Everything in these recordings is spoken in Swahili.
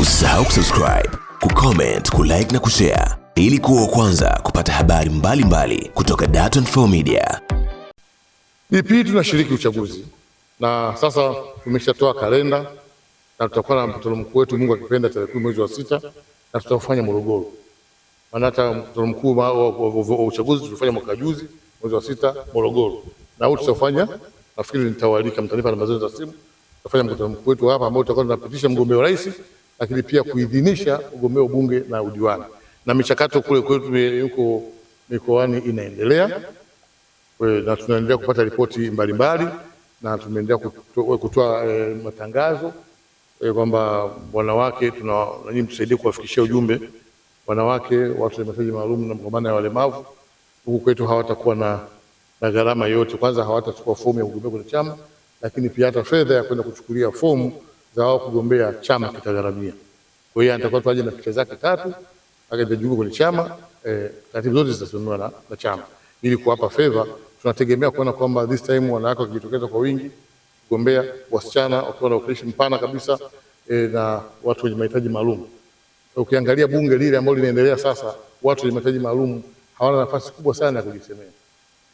Usisahau kusubscribe, kucomment, kulike na kushare ili kuwa kwanza kupata habari mbalimbali mbali kutoka Dar24 Media. DP e tunashiriki uchaguzi na sasa tumeshatoa kalenda na tutakuwa na mkutano mkuu wetu Mungu akipenda tarehe mwezi wa sita na tutaufanya Morogoro. Maana hata mkutano mkuu wa uchaguzi tulifanya mwaka juzi mwezi wa sita Morogoro. Na huu tutaufanya nafikiri nitawaalika, mtanipa namba zenu za simu. Tutafanya mkutano mkuu wetu hapa ambao tutakuwa tunapitisha mgombea wa rais lakini pia kuidhinisha ugombea ubunge na udiwani, na michakato kule kwetu yuko mikoani inaendelea na tunaendelea kupata ripoti mbalimbali na tumeendelea kutoa e, matangazo e, kwamba wanawake tuna nini, msaidie kuwafikishia ujumbe wanawake, watu wenye mahitaji maalum na maana ya walemavu huku kwetu hawatakuwa na, na gharama yote. Kwanza hawatachukua fomu ya kugombea kwenye chama, lakini pia hata fedha ya kwenda kuchukulia fomu za wao kugombea chama kitagharamia. Kwa hiyo anatakiwa tuaje na picha zake tatu akajiunga kwenye chama eh, taratibu zote zitasimamiwa na, na chama ili kuwapa fedha. Tunategemea kuona kwamba this time wanawake wakijitokeza kwa wingi kugombea, wasichana wakiwa na ukilishi mpana kabisa e, na watu wenye mahitaji maalum. Ukiangalia bunge lile ambalo linaendelea sasa, watu wenye mahitaji maalum hawana nafasi kubwa sana ya kujisemea.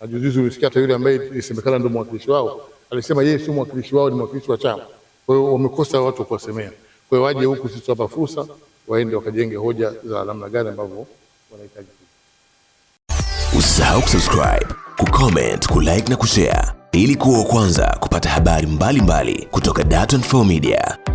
Na juzi ulisikia hata yule ambaye ilisemekana ndio mwakilishi wao alisema yeye sio mwakilishi wao, ni mwakilishi wa chama. Kwa hiyo wamekosa watu wa kuwasemea. Kwa hiyo waje huku sisi hapa fursa, waende wakajenge hoja za namna gani ambavyo wanahitaji. Usisahau kusubscribe, kucomment, kulike na kushare ili kuwa wa kwanza kupata habari mbalimbali mbali kutoka Dar24 Media.